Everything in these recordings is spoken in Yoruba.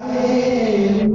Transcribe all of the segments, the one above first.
Amen.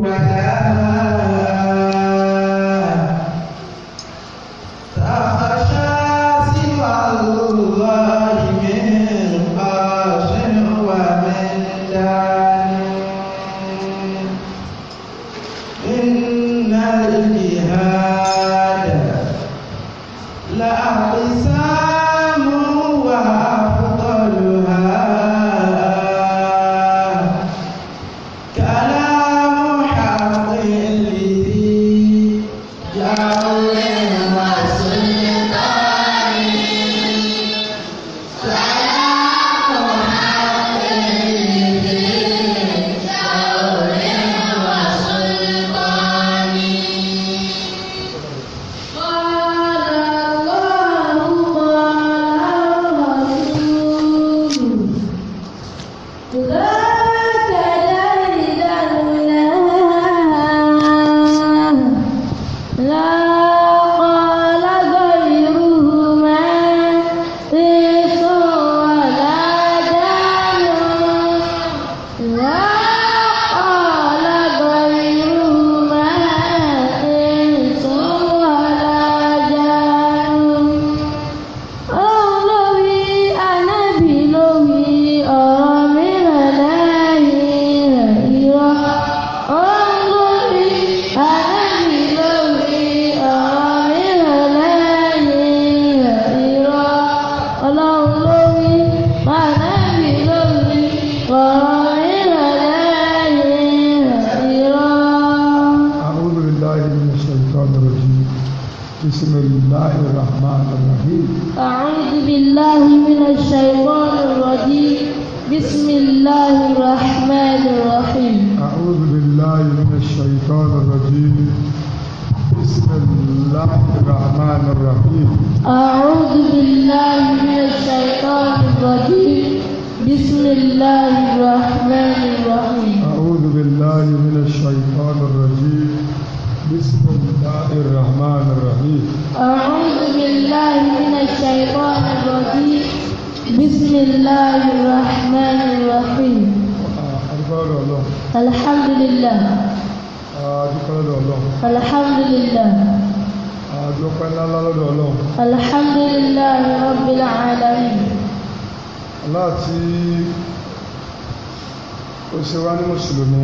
mùsùlùmí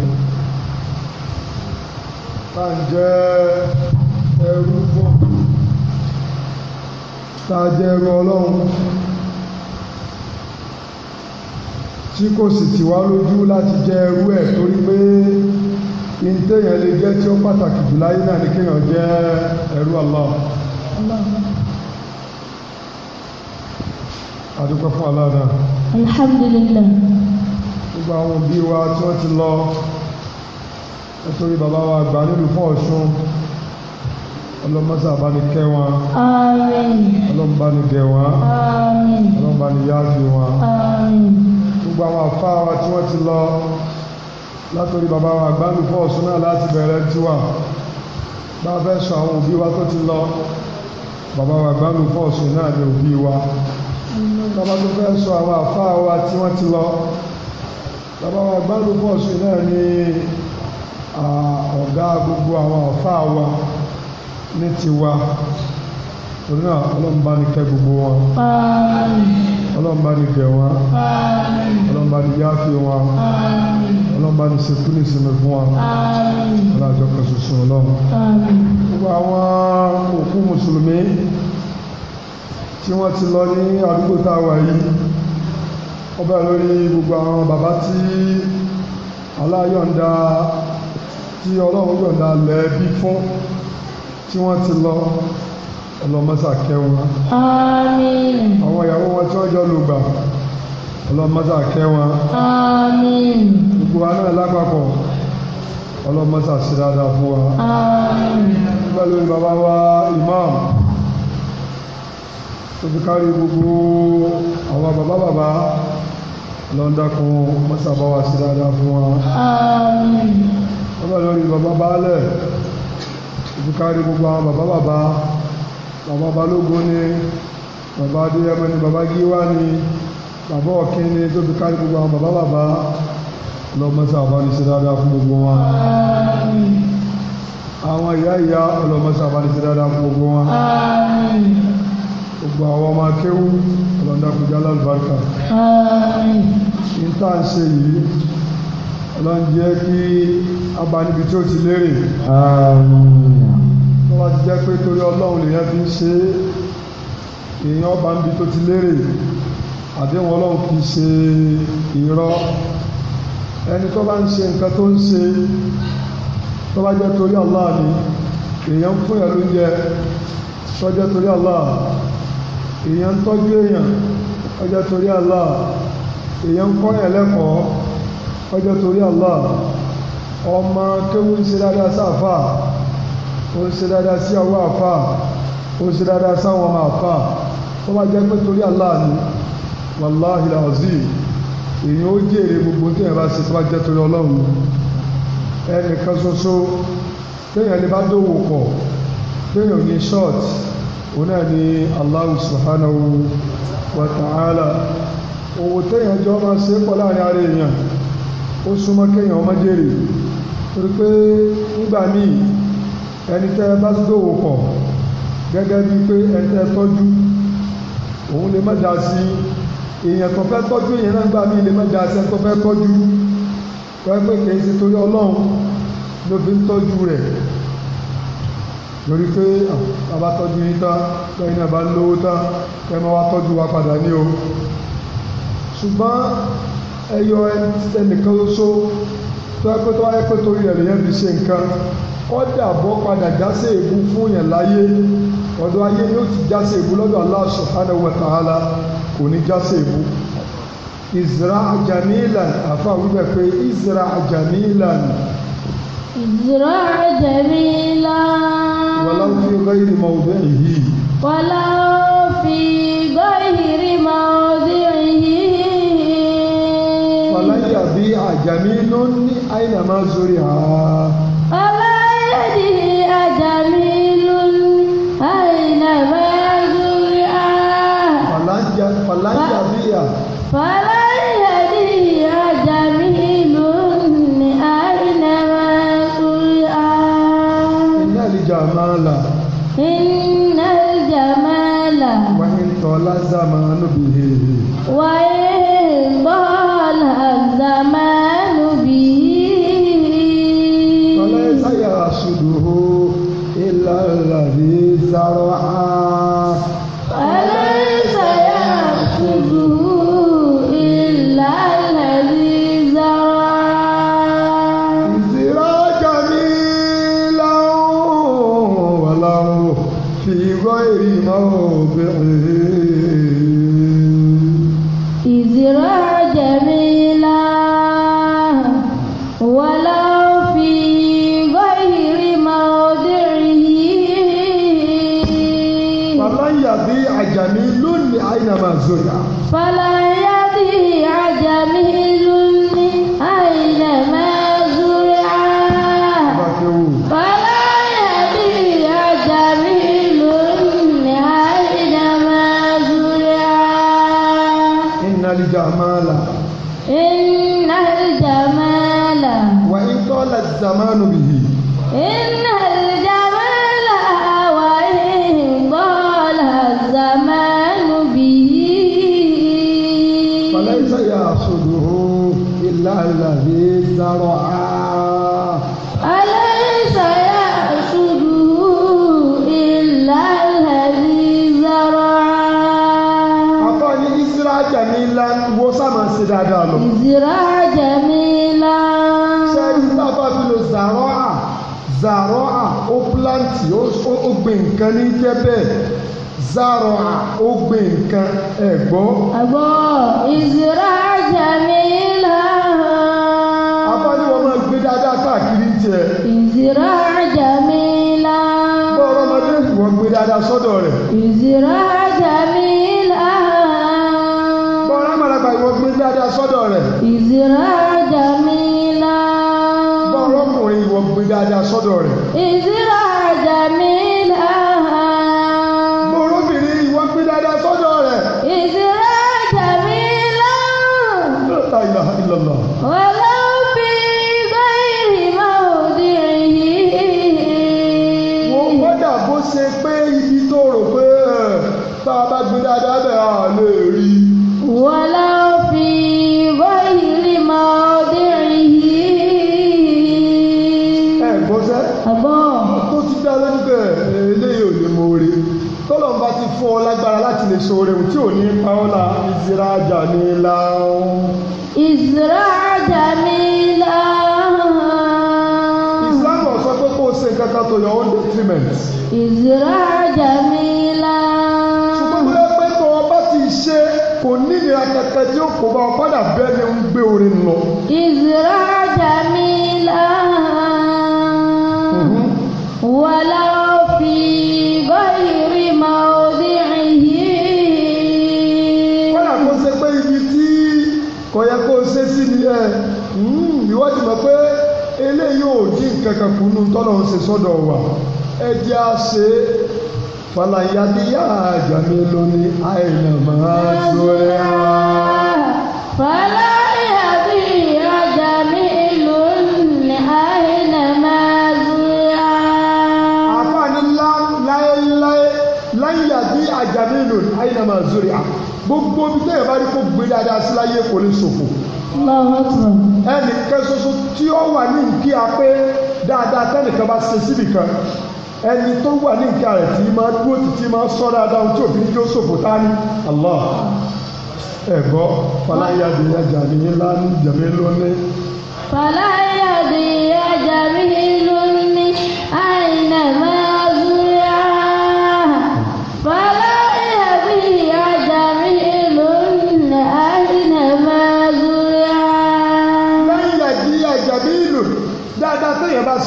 tá à ń jẹ́ ẹrú fún tá a jẹ́ ẹrú ọlọ́run tí kò sì tì wá lójú láti jẹ́ ẹrú ẹ̀ torí pé ìtẹ̀yàn lè jẹ́ tí ó pàtàkì jù láyé náà ní kéèyàn jẹ́ ẹrú Allah adúpẹ́ fún Allah alhamdulillah gbogbo àwọn òbí wa tí wọ́n ti lọ nítorí bàbá wa àgbà nílùú fún ọ̀ṣun ọlọ́mọsá bá ní kẹ́ wọn ọlọ́mọba ní gẹ̀ wọn ọlọ́mọba ní yáàfi wọn gbogbo àwọn àfa wa tí wọ́n ti lọ látòrí bàbá wa àgbà nílùú fún ọ̀ṣun náà láti bẹ̀rẹ̀ tiwa bá a fẹ́ sọ àwọn òbí wa tó ti lọ bàbá wa àgbà nílùú fún ọ̀ṣun náà ní òbí wa bàbá tó fẹ́ sọ àwọn àfa wa tí wọ́n ti lọ bàbá gbádùn pọ̀ sí náà ní ọ̀gá gbogbo àwọn ọ̀fà wa ní tiwa torí náà ọlọ́run ní kẹ́ gbogbo wọn ọlọ́run ní gẹ̀ wọn ọlọ́run ní yááfì wọn ọlọ́run ní sekú ní ìsinmi fún wọn ọlọ́run kan ṣoṣo ọlọ́run gbogbo àwọn òkú mùsùlùmí tí wọ́n ti lọ ní àdúgbò táwa yìí ọba lórí gbogbo àwọn bàbá tí aláyọ̀ǹda tí ọlọ́run yọ̀ǹda lẹ́ẹ̀bí fún tí wọ́n ti lọ ọlọ́mọ́sà kẹwọn. àmín. àwọn ìyàwó wọn tí wọ́n jọ lùgbà ọlọ́mọ́sà kẹwọn. àmín. gbogbo wa lápapọ̀ ọlọ́mọ́sà sí dáadáa fún wa. àmín. ọba lórí bàbá wa imam tó fi kárí gbogbo àwọn bàbá bàbá lọ́ńdà kan mọ́sàbá wa sí dáadáa fún wa. bàbá lórí bàbá baálẹ̀ ìbùkárí gbogbo àwọn bàbá bàbá bàbá balógun ni bàbá adéyẹmọ ni bàbá gíwá ni bàbá ọ̀kín ni tó ìbùkárí gbogbo àwọn bàbá bàbá lọ́mọ́sàbá ni sí dáadáa fún gbogbo wa àwọn ìyá ìyá ọlọ́mọ́sàbá ni sí dáadáa fún gbogbo wa gbogbo àwọn ọmọ akéwú ọlọ́dàkùnjá lálùbáríkà níta ṣe yìí ọlọ́run jẹ́ kí abanibi tí ó ti lérè tó bá ti jẹ́ pé torí ọlọ́run lèyàn fi ń ṣe èèyàn ọba níbi tó ti lérè àdéhùn ọlọ́run kì í ṣe irọ́ ẹni tó bá ń ṣe nǹkan tó ń ṣe tó bá jẹ́ torí Allah ni èèyàn ń fún ẹ̀rú oúnjẹ tó jẹ́ torí Allah èèyàn ń tọ́jú èèyàn tó jẹ́ torí Allah èèyàn kọ́ ẹlẹ́kọ̀ọ́ ọjọ́ torí Allah ọmọ kéwú ń ṣe dáadáa sáfà ó ń ṣe dáadáa sí àwọn àfà ó ń ṣe dáadáa sáwọn ọmọ àfà tó bá jẹ́ pé torí Allah ni wàláhì làwọ̀sí èèyàn ó jèrè gbogbo tí èèyàn bá tó bá jẹ́ torí Ọlọ́run ẹnìkan ṣoṣo téèyàn lè bá dòwò pọ̀ téèyàn ní short òun náà ni Allah subhanahu wa ta'ala òwò téèyàn jọ máa ṣe pọ̀ láàrin ara èèyàn ó súnmọ́ kéèyàn ọmọ jèrè torí pé nígbà míì ẹni tẹ́ bá dòwò pọ̀ gẹ́gẹ́ bíi pé ẹni tẹ́ tọ́jú òun lè má da sí èèyàn tó fẹ́ tọ́jú èèyàn náà nígbà míì lè má da sí ẹni tó fẹ́ tọ́jú wọ́n pè kì í ṣe torí ọlọ́run ló fi ń tọ́jú rẹ̀ lórí pé àbá yín tán lẹ́yìn náà bá lówó tán ẹ máa wá tọ́jú wa padà ní o ṣùgbọ́n ẹyọ ẹnìkan oṣó tó ẹ pé tó ẹ fi ṣe nǹkan kọ́dà bọ́ padà jásẹ̀ èébú fún yẹn láyé ọ̀dọ̀ ayé ni ó ti jásẹ̀ èébú lọ́dọ̀ Allah subhanahu wa kò ní jásẹ̀ èébú ìzra jamilan àfa wípé pé ìzra jamilan. ìzra jamilan. walau fi ghayri mawdi'ihi. walau fi ghayri mawdi'ihi. àjàmílù ní àyìnà máa sórí ha. ọba yéèdì àjàmílù ní àyìnà máa sórí ha. fàlàjà fàlàjà bíyà. fàlàjà yéèdì àjàmílù ní àyìnà máa sórí ha. iná ìjà máa إلا الذي زرعا zira jamila. sẹ́yìn nígbà tó a ti lo zaroa zaroa ó pílántì ó gbìn nǹkan ní jẹ́ bẹ́ẹ̀ zaroa ó gbìn nǹkan ẹ̀ gbọ́. àgbọ̀ ìzira jamila. abáníwọ̀n máa gbé dáadáa káàkiri jẹ. ìzira jamila. bọ́ọ̀rọ̀ ọmọdé ìwọ̀n gbé dáadáa sọ́dọ̀ rẹ̀. ìzira. ìdúrà jàmílà. bọ́ọ̀lù ọkùnrin ìwọ gbé dáadáa sọ́dọ̀ rẹ̀. ìdí sóore tí ò ní paola ìzira jamila. ìzira jamila. Islam sọ pé kó o ṣe nǹkan kan to your own detriment. ìzira jamila. ṣùgbọ́n wíwá pé tó o bá ti ṣe kò ní ìnira tí ó kó bá ọ padà bẹ́ẹ̀ ni ń gbé orin lọ. ìzira. kò yẹ kó o ṣe sí mi ẹ hmm, ìwọ ti mọ̀ pé eléyìí ò dín nǹkan kù nù tọ́lọ̀ ń ṣe sọ́dọ̀ wa ẹ jẹ́ à ṣe é falayadiya jamilu ni àìnà máa sọ̀rọ̀ ẹ̀ falayadiya jamilu ni àìnà máa sọ̀rọ̀ ẹ̀. àfààní ńlá láéláé láyàdí àjàmílò àìnà máa sọ̀rọ̀ ẹ̀ gbogbo ibi tẹ́yẹ̀ bá rí kó gbé dáadáa sí láyé kò lè ṣòfò ẹnìkan ṣoṣo tí ó wà ní ìkí apé dáadáa tẹ́nìkan bá ṣe síbì kan ẹni tó wà ní ìkí rẹ̀ tí máa dúró títí máa sọ dáadáa tí òbí ní ó ṣòfò tá ní Allah ẹ̀gbọ́ fàlàyàdì ajàmí ńlá ní jẹ̀mí lónìí. fàlàyàdì ajàmí lónìí àìnàmọ́.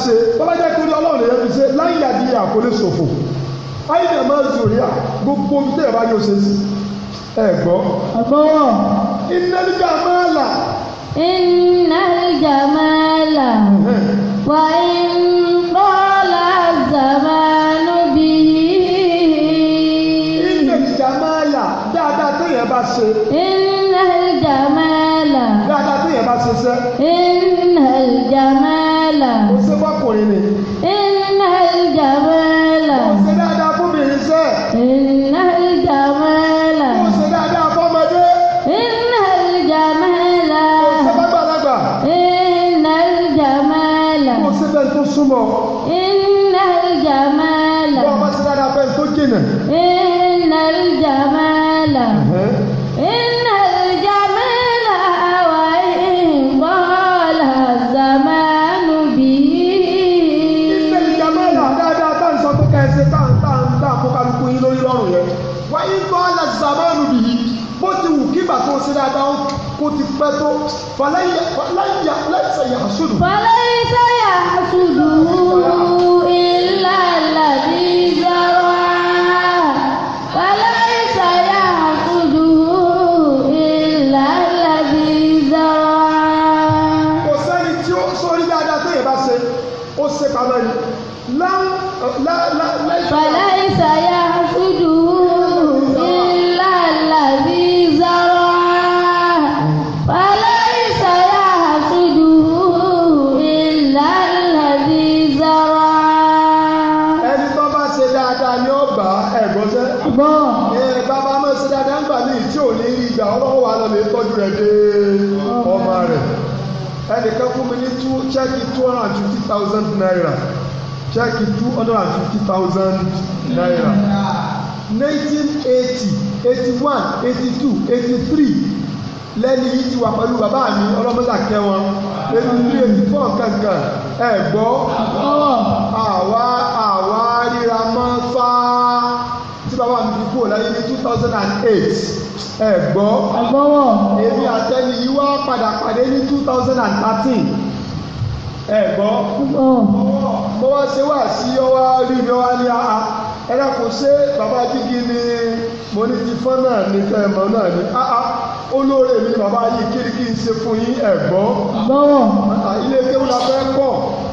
ṣe bàbá jẹ́ torí ọlọ́run lèyẹ fi ṣe láyé àdìyẹ àkọlé ṣòfò àyìnbá máa ń zòrí à gbogbo omi tẹ̀yẹ̀ bá yóò ṣe sí ẹ gbọ́. àgbọ̀wọ̀. iná nígbà máa là. iná nígbà máa là. wà á kọ́ làzà máa lóbi. iná nígbà máa là dáadáa tẹ̀yẹ̀ bá ṣe. iná nígbà máa là. dáadáa tẹ̀yẹ̀ bá ṣe sẹ́. iná fọkùnrin ni. iná ìjà mẹ́lẹ̀. mo ṣe dáadáa fún mi sẹ́. iná ìjà mẹ́lẹ̀. mo ṣe dáadáa fọmọdé. iná ìjà mẹ́lẹ̀. mo ṣe bàgbàlagbà. iná ìjà mẹ́lẹ̀. mo ṣe bẹ́ẹ̀ tó súnmọ́. iná ìjà mẹ́lẹ̀. bọ́ọ̀ ṣe dáadáa fẹ́ tó jìnnà. iná ìjà mẹ́lẹ̀. فلن ṣẹ́ẹ̀kì two hundred fifty thousand naira ṣẹ́ẹ̀kì two hundred fifty thousand naira nineteen eighty eighty one eighty two eighty three lẹ́ni yìí ti wà pẹ̀lú bàbá mi ọlọ́mọdà kẹwọn eighty three eighty four kankan ẹ gbọ́ àwa àwa ríra mọ́ fá tí bàbá mi fi kúrò láyé ní two thousand and eight ẹ gbọ́ èmi àtẹni yìí wá padà pàdé ní two thousand and thirteen ẹ̀gbọ́ mo wá ṣe wá sí ọwá rí mi wá ní àá ẹ̀rọ kò ṣe bàbá jígi ni mo ní ti fọ́n náà ní fẹ́ mọ́ náà ní àá olóore mi bàbá yìí kiri kí n ṣe fún yín ẹ̀gbọ́. ilé kéwù la fẹ́ kọ́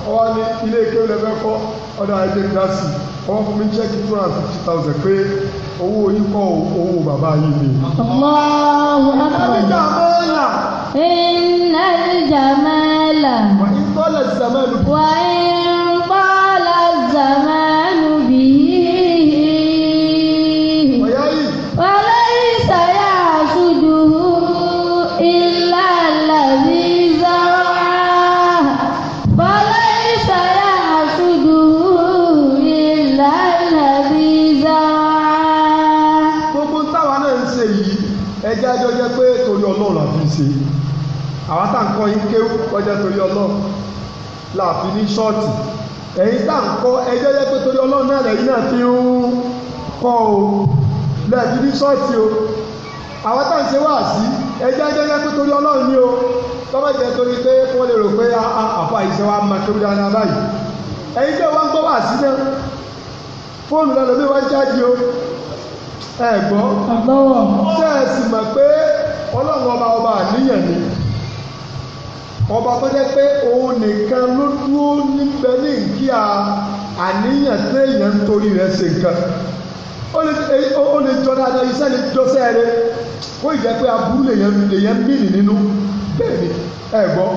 ọwọ́ ni ilé kéwù la fẹ́ kọ́ ọ̀dọ̀ ajé kíláàsì wọ́n fún mi ṣẹ́kì two hundred fifty thousand pé owó yín kọ́ owó bàbá yìí ni. ọlọ́run á kọ́ ọ̀dọ̀. ẹ̀ẹ́dẹ́gbẹ̀rún. طال الزمان وإن طال الزمان به وليس يحسده إلا الذي زرعه وليس يحسده إلا الذي زرعه gbogbo táwa náà ń ṣe yìí ẹjẹ́ àjọ jẹ́ pé torí ọlọ́run àfi ń ṣe torí ọlọ́run la fi ní ṣọ́ọ̀tì ẹ̀yin tá ń kọ́ ẹjọ́ yẹ pé torí ọlọ́run náà lẹ́yìn náà fi ń kọ́ o lẹ́ẹ̀fi ní ṣọ́ọ̀tì o àwọn tá ń ṣe wá sí ẹjọ́ ẹjọ́ yẹ pé torí ọlọ́run ni o tọ́wọ́ jẹ́ torí pé wọ́n lè rò pé ah, ah, àfa ìṣe wa máa tóbi dáadáa báyìí ẹ̀yin tẹ́ wá ń gbọ́ wá sí náà fóònù náà lómi wá ń jáde o ẹ̀ gbọ́ ṣe mọ̀ pé ọlọ́run ọba ọba àníyàn ni ọba tó jẹ́ pé òun nìkan ló dúró níbẹ̀ ní ìkíyà àníyàn téèyàn ń torí rẹ̀ ṣe nǹkan ó lè jọ dáadáa iṣẹ́ lè jọ sẹ́ẹ̀rẹ́ ó ì jẹ́ pé aburú lèyàn bìnì nínú bẹ́ẹ̀ ni ẹ gbọ́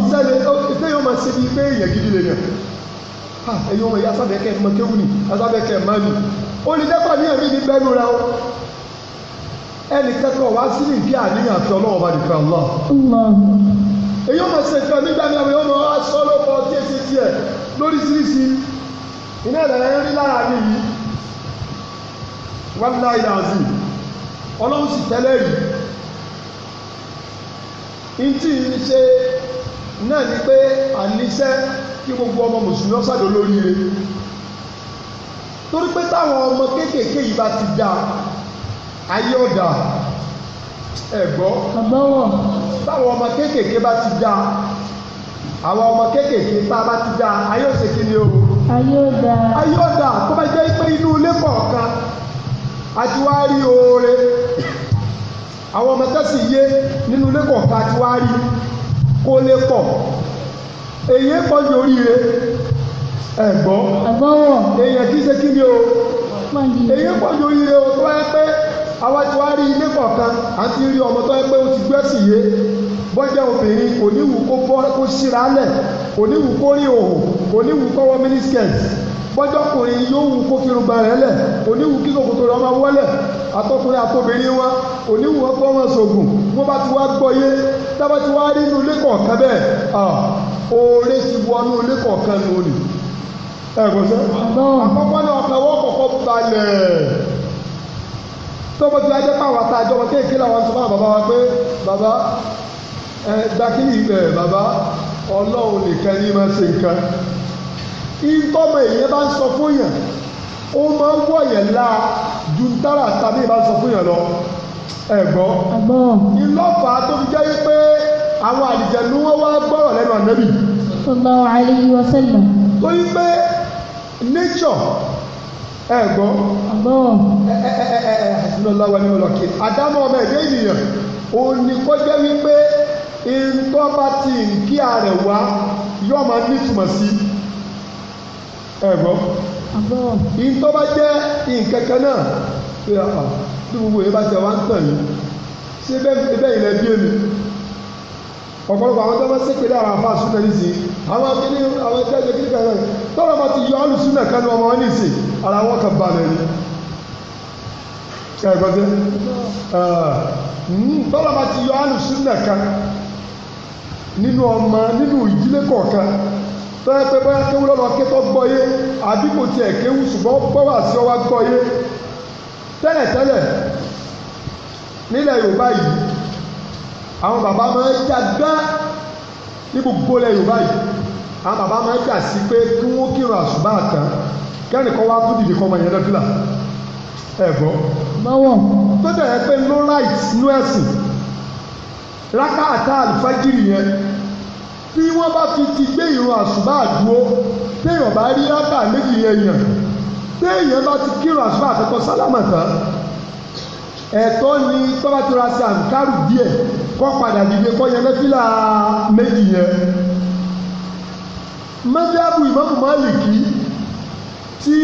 iṣẹ́ lè téèyàn máa ṣe bíi pé èèyàn gidi lè yàn ẹ̀yin ọmọ ìyá sábẹ́kẹ́ mọ kéwù ni asábẹ́kẹ́ máa lù ó lè dẹ́pọ̀ àníyàn mi ní bẹ́ẹ̀ lóra o ẹnì kẹ́kọ̀ọ́ wá sí nìkí àníyàn àti ọlọ́wọ́ bá nìkan lọ èyí ò mọ̀ ṣe nǹkan nígbà ní àwọn èèyàn mọ̀ aṣọ lọ́pọ̀ tí èsì tiẹ̀ lóríṣiríṣi iná ìlẹ̀rẹ̀ rí lára mi yìí wọ́n lá ilẹ̀ àzì ọlọ́run sì tẹ́lẹ̀ yìí ntí ń ṣe náà ni pé àníṣẹ́ kí gbogbo ọmọ mùsùlùmí ọ̀sàdó lóríire torí pé táwọn ọmọ kéékèèké yìí bá ti dáa ayé ọ̀dà ẹ̀gbọ́. àbọ̀wọ̀. táwọn ọmọ kéékèèké bá ti dáa àwọn ọmọ kéékèèké tá a bá ti dáa ayé òsè kí ni o. ayé ò dáa. ayé ò dáa tó bá jẹ́ pé inú ilé kọ̀ọ̀kan a ti wá rí oore àwọn ọmọ tẹ́sí yé nínú ilé kọ̀ọ̀kan a ti wá rí kó lè pọ̀ èyí pọ̀ ní oríire ẹ̀gbọ́. ẹ̀gbọ́ wọ̀. èèyàn kì í ṣe kí ni o. èyí pọ̀ ní oríire o tó bá yẹ pé àwa ti wá rí ilé kọ̀ọ̀kan à ń ti rí ọmọ tó yẹ pé ó ti gbẹ́sì yé bọ́jà obìnrin kò ní wù kó bọ́ kó síra lẹ̀ kò ní wù kó rí òhò kò ní wù kó wọ mínísíkẹ̀tì bọ́jọ́kùnrin yóò wù kó kiri ba rẹ̀ lẹ̀ kò ní wù kí kòkòtò rẹ̀ ọmọ wọlẹ̀ àtọkùnrin àtobìnrin wọn kò ní wù ọgbọ́n wọn sògùn wọn bá ti wá gbọ́ yé tábà ti wá rí inú ilé kọ̀ọ̀kan bẹ́ẹ̀ oore ti wọnú ilé kọ̀ọ̀kan lónìí. ẹ kò sẹ́ àkọ́kọ́ ni ọ̀kan wọ́n balẹ̀ tọ́bọ̀ tí wàá jẹ́ pàwọn àtàjọ wọn kéèké làwọn sọ fún bàbá wa pé bàbá ẹ dákìlì ẹ bàbá ọlọ́run nìkan ní máa ṣe nǹkan ìtọ́mọ èèyàn bá ń sọ fún yàn ó máa ń wọ̀yẹ̀ la ju tára tàbí ìbá sọ fún yàn lọ ẹ gbọ́ ìlọ́fà tó fi jẹ́ pé àwọn àlìjẹ̀nu wọn wá gbọ́rọ̀ lẹ́nu ànábì. sallallahu alayhi wa sallam. tó yí pé nature ẹ gbọ́ àdúrà ní ọlọ́kì àdámọ́ ọmọ ẹ̀dẹ́ ènìyàn ni kó jẹ́ wípé ìtọ́ bá ti ń kí ààrẹ wá yóò máa nítumọ̀ sí ẹ gbọ́ ìtọ́ bá jẹ́ ìkẹ̀kẹ́ náà ah, ah, bí gbogbo yìí ọ̀pọ̀lọpọ̀ àwọn tó bá ṣépè lára àfa àsúná nísìn àwọn akéde àwọn ẹgbẹ́ ẹgbẹ́ kíkà náà tọ́lọ́ bá ti yọ alùsúná kánú ọmọ wọn nísìn ara wọn kan balẹ̀ ni. ẹ̀gbọ́n tẹ́ tọ́lọ́ bá ti yọ alùsúná kan nínú ọmọ nínú ìdílé kọ̀ọ̀kan tọ́lá pé bóyá kéwú lọ́lọ́ ké gbọ́ yé àbí kò tiẹ̀ kéwú ṣùgbọ́n gbọ́wà sí ọwá gbọ́ yé tẹ́lẹ̀tẹ́lẹ̀ nílẹ̀ Yorùbá yìí àwọn bàbá máa ń jà gbá ní gbogbo ilẹ̀ Yorùbá yìí àwọn bàbá máa ń jà sí pé kí wọ́n kírun àṣùbà àtàn kẹ́rin kan wá tó dìde kan ọmọ yẹn lọ́dúnlà ẹ̀ bọ́. báwọ̀ tó dẹ̀rẹ̀ pé no right no ẹ̀sìn rákà àtà àlùfájìrì yẹn tí wọ́n bá fi ti gbé ìrun àṣùbà àdúró téèyàn bá rí rákà méjì yẹn yàn téèyàn bá ti kírun àṣùbà àkọ́kọ́ sálámà tán ẹ̀tọ́ ni tọ́ba ti ra sàǹkárù díẹ̀ kọ́ padà dìde kọ́ yẹn lẹ́fílà méjì yẹn mẹ́tíábù ìmọ̀mù máàlìkì tí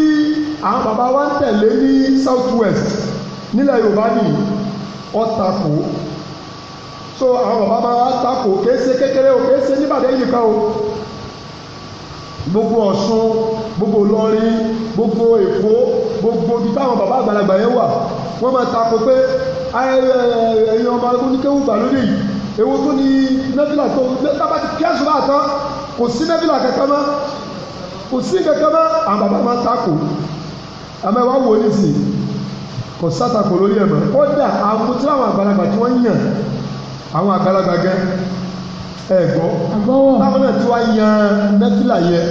àwọn bàbá wa ń tẹ̀lé ní south west nílẹ̀ yorùbá ní ọ̀tàkù so àwọn bàbá wa takò kéése kékeré o kéése níbàdàn yìí kan o gbogbo ọ̀ṣun gbogbo ìlọrin gbogbo èkó gbogbo ibi táwọn bàbá àgbàlagbà yẹn wà wọ́n máa takò pé ẹ̀yin ọmọ oníkéwù gbàlódé yìí èwo tó ní nẹ́bílà tó tábà ti kí ẹ̀sùn láàtọ́ kò sí nẹ́bílà kankan mọ́ kò sí kankan mọ́ àwọn bàbá máa takò àmọ́ ẹ wá wò nísìnyí kò sátakò lórí ẹ̀ mọ́ kódà àwọn tí àwọn àgbàlagbà tí wọ́n yàn àwọn àgbàlagbà gẹ́ ẹ̀ gbọ́ táwọn náà ti wá yan nẹ́bílà yẹ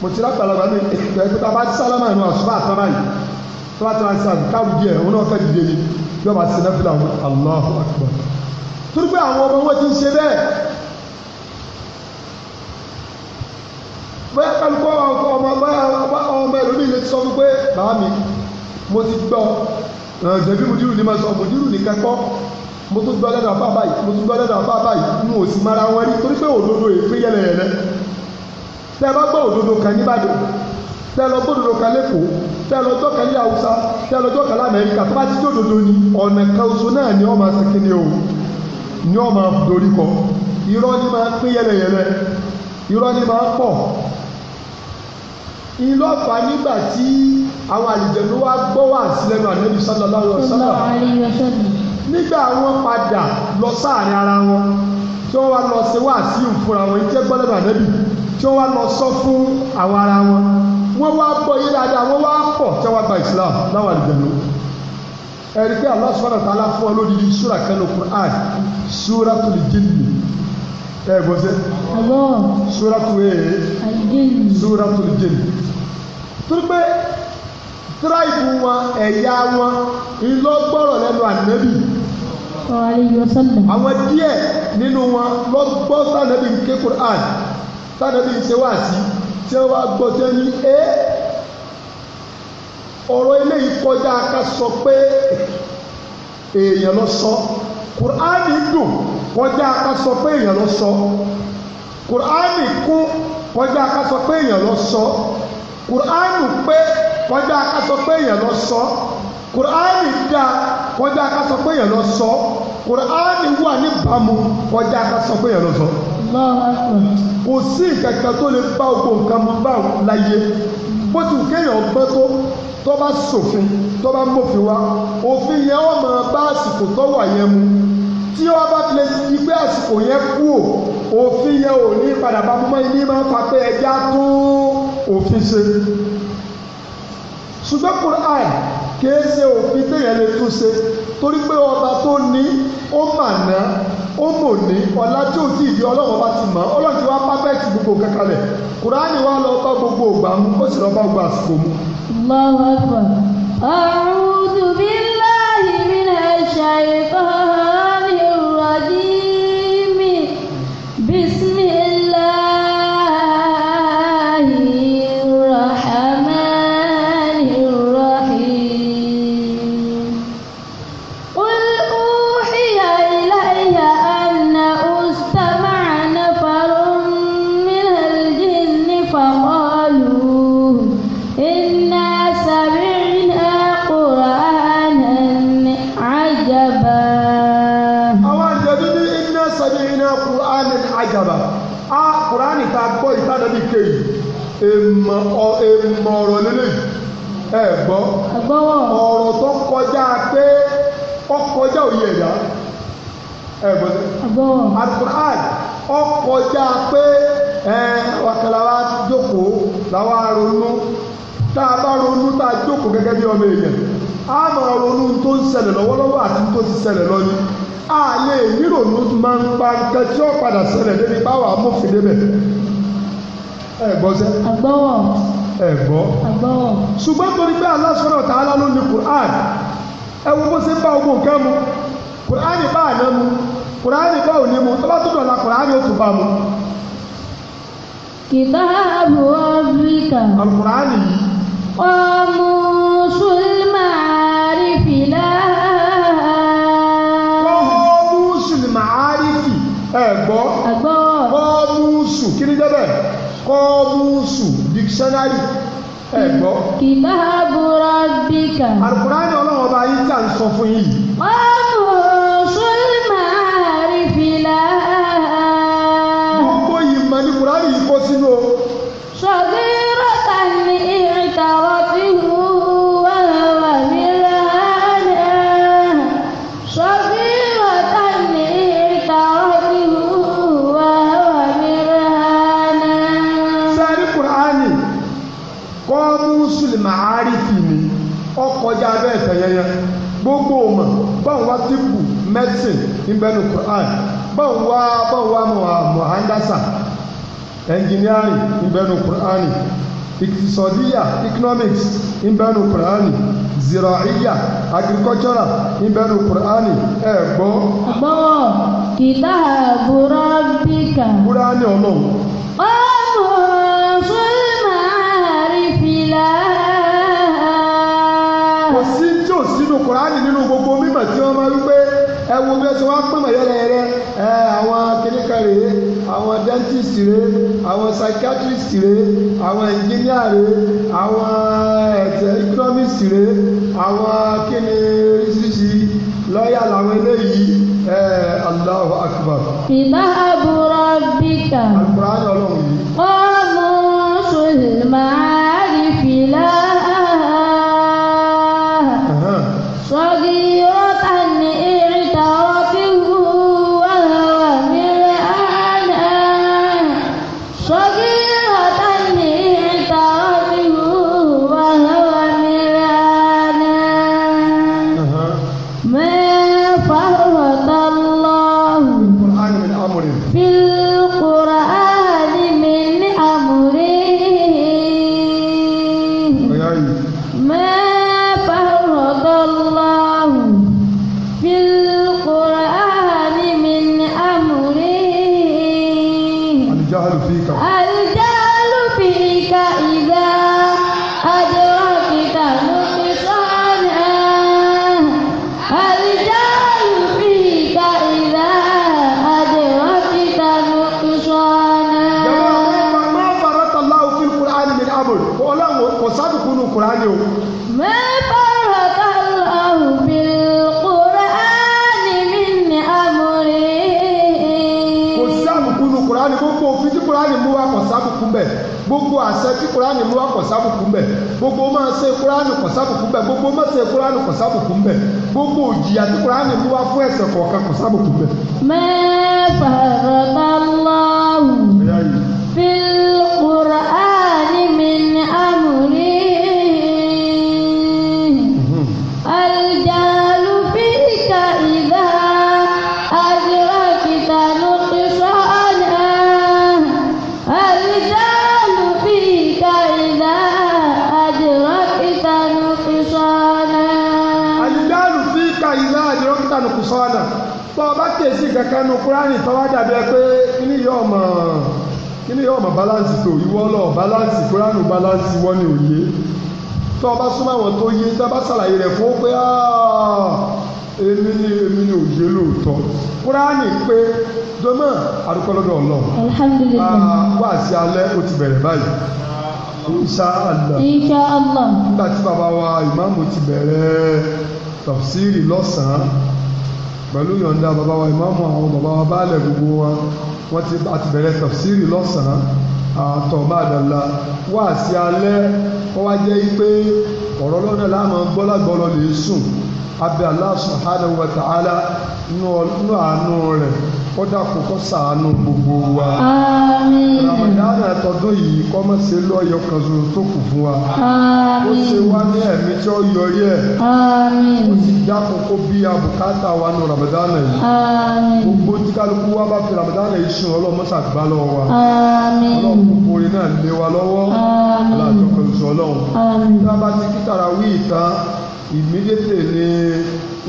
mo ti lágbàlagbà ní ẹgbẹ́ tá bá sálámà ìnú àṣùbà àtàrà yìí tó bá ti máa ṣe àdúkàrù díẹ̀ òun náà kàn dìde ni yóò máa ṣe nẹ́fìlà wọn Allahu Akbar torí pé àwọn ọmọ wọn ti ń ṣe bẹ́ẹ̀ bẹ́ẹ̀ kálukọ́ ọmọ ọmọ ẹlòmíì lè sọ fún pé bàá mi mo ti gbọ́ ẹ̀ẹ́dẹ̀bí mo dírù ní ma sọ mo dírù ní kẹ́kọ́ mo tún gbọ́ lẹ́nu àfa báyìí mo tún gbọ́ lẹ́nu àfa báyìí n ò sì mara wọn rí torí pé òdodo èéfín yẹlẹyẹlẹ tẹ́ ẹ bá gbọ́ òdodo kan níbàdàn tẹ lọ bó dodo kan lẹ́kọ̀ọ́ tẹ lọ jọ́ kan ní Haúsá tẹ tó bá ni ọ̀nà kan oṣù náà ni wọ́n máa ṣe kíni o ni wọ́n máa dorí kọ irọ́ ni máa pín yẹlẹyẹlẹ irọ́ ni máa pọ̀ ìlọ́fà nígbà tí àwọn àlìjẹ̀nu wa gbọ́ wà sílẹ̀nu ànábì sallallahu alaihi wasallam nígbà wọn padà lọ sáàrin ara wọn tí wọ́n wá lọ ṣe wá sí ìfúnra wọn ìjẹ́gbọ́lẹ́nu ànábì tí wọ́n wá lọ sọ fún àwọn ara wọn wọ́n wá bọ̀ yí dáadáa wọ́n wá pọ̀ tí wọ́n gba islam láwọn àdìjẹ̀lú ẹ̀rí pé Allah subhanahu wa ta'ala fún ọ lódìdí súra kanu Qur'an súratul jinni ẹ gbọ́ sẹ́ súratul èè súratul jinni torí pé tíráìbù wọn ẹ̀yà wọn ìlọgbọ́rọ̀ lẹ́nu ànábì àwọn díẹ̀ nínú wọn lọ́gbọ́ sànábì ń ké Qur'an sànábì ń ṣe wáàsí tí wọ́n wá gbọ́ tí wọ́n ní ẹ́ ọ̀rọ̀ eléyìí kọjá ká sọ pé èèyàn lọ sọ kùránì dùn kọjá ká sọ pé èèyàn lọ sọ kùránì kún kọjá ká sọ pé èèyàn lọ sọ kùránì pé kọjá ká sọ pé èèyàn lọ sọ kùránì dá kọjá ká sọ pé èèyàn lọ sọ kùránì wà níbàámu kọjá ká sọ pé èèyàn lọ sọ kò sí ìkàkà tó lè bá ògbó nǹkan mọ bá láyé bó ti kéèyàn gbọ́ tó tó bá ṣòfin tó bá mòfin wa òfin yẹn wọ́n máa bá àsìkò tó wà yẹn mu tí wọ́n bá tilẹ̀ ti gbé àsìkò yẹn kú ò òfin yẹn ò ní padà bá mọ́ ilé máa fa pé ẹja tó òfin ṣe ṣùgbọ́n Quran kìí ṣe òfin téèyàn lè tún ṣe torí pé ọba tó ní ó mà ná ó mò ní ọ̀la tí ò tí ì di ọlọ́run ọba ti mọ̀ ọlọ́run ti wá pápẹ́ẹ̀tì gbogbo kankan lẹ̀ kùránì wa lọ bá gbogbo ògbà mu ó sì lọ bá gbogbo àsìkò mu. Allahu Akbar. A'udhu billahi minash shaitan. èèmọ̀ ọ̀rọ̀ lélẹ̀ ẹ gbọ́ ọ̀rọ̀ tó kọjá pé ó òye ẹ̀dá ẹ gbọ́ Al-Qur'an ó pé ẹ wàkàlà jókòó làwa ronú tá a bá ronú tá a jókòó gẹ́gẹ́ bí ọmọ èèyàn a máa ronú tó ń ṣẹlẹ̀ lọ́wọ́lọ́wọ́ àti tó ti ṣẹlẹ̀ lọ́ni a lè nírònú máa ń pa nǹkan tí ó padà ṣẹlẹ̀ débi báwa amófin débẹ̀ ẹ gbọ́ sẹ́. àgbọ̀wọ̀. ẹ gbọ́. àgbọ̀wọ̀. ṣùgbọ́n torí pé Allah subhanahu wa ló ní Qur'an ẹ bó ṣe ń bá ogun nǹkan mu Qur'an bá àná mu Qur'an bá òní mu tó bá tó dọ̀la Qur'an ó tún bá mu. kìtàbù rabbika. Al-Qur'an yìí. ọmọ sùlmà àrífìlà. ọmọ sùlmà àrífì ẹ gbọ́. ọmọ sùn kí kọ́ọ̀mùsù dictionary ẹ̀gbọ́. kìtàbù rabbika. alukurani ọlọ́run ọba yìí tà ń sọ fún yìí. gbogbo yìí mọ̀ ní yìí kó sínú o. nbẹnu Quran báwo wá báwo wá mọ mọhandasa ẹnjìnírì nbẹnu Quran ìkìsọdíyà economics nbẹnu Quran ziraiya agricultural nbẹnu Quran ẹ gbọ. gbọ́ kìtà burabika. Kúránì ọlọ́run. ó mú fúnmá àrífìlà. kò sí tí ò sínú Quran nínú gbogbo mímọ̀ tí wọ́n máa ń gbẹ ẹ wo bí ẹ ti wá pín mọ̀yẹ́lẹ̀ rẹ ẹ àwọn kìnnìkan rèé àwọn dentist rèé àwọn psychiatrist rèé àwọn engineer rèé àwọn economist rèé àwọn kìnnì oríṣiríṣi lọ́ọ̀yà làwọn eléyìí ẹ Allahu Akbar. ìdáhàbù rọ̀ bíkà. àgbà Kùránì kò sábùkù mbẹ̀ gbogbo òjìyà tí Kùránì mú wá fún ẹ̀ṣẹ̀ kọ̀ọ̀kan kò sábùkù mbẹ̀. mẹ́fà rọ̀bà lọ́wù fi Kùránì mi ní àmúrí. الشيطان hatta ìlà àdìrọ́kítà nù kù sọ́ọ̀nà bọ́ ọba kèsì kankan nu kúránì tọ́wá dàbí ẹ pé kíní yóò mọ̀ kíní yóò mọ̀ balance tó lọ balance kúránì balance wọ́n ni òye ọba súnmọ́ àwọn tó yé tó ọba rẹ̀ fún pé èmi ni èmi ni òye lóòótọ́ kúránì pé wá sí alẹ́ ó ti bẹ̀rẹ̀ báyìí tafsiri lọ́sàn-án pẹ̀lú yọ̀ǹda bàbá wa ìmáàmù àwọn bàbá wa baálẹ̀ gbogbo wa wọ́n ti àti bẹ̀rẹ̀ tafsiri lọ́sàn-án àtọ̀bàdàlà wá sí alẹ́ wọ́n wá jẹ́ pé ọ̀rọ̀ lọ́nà láàmú gbọ́lágbọ́lọ́ lè sùn abẹ́ Allah subhanahu wa nínú àánú rẹ̀ kó dàkún kó sàánú gbogbo wa. ramadana tọdún yìí kó má lọ́yọ̀ kan ṣoṣo tó kù fún wa. ó ṣe wá ní ẹ̀mí tí ó yọrí ẹ̀. ó sì dàkún kó bí abùkátà wa nù ramadana yìí. gbogbo tí kálukú wa bá fi ramadana yìí sùn ọlọ́mọ ṣàgbá lọ́wọ́ wa. àmín. ọlọ́mọ náà lé wa lọ́wọ́. aláàjọ kan ṣoṣo ọlọ́run. àmín. tí a bá ti ni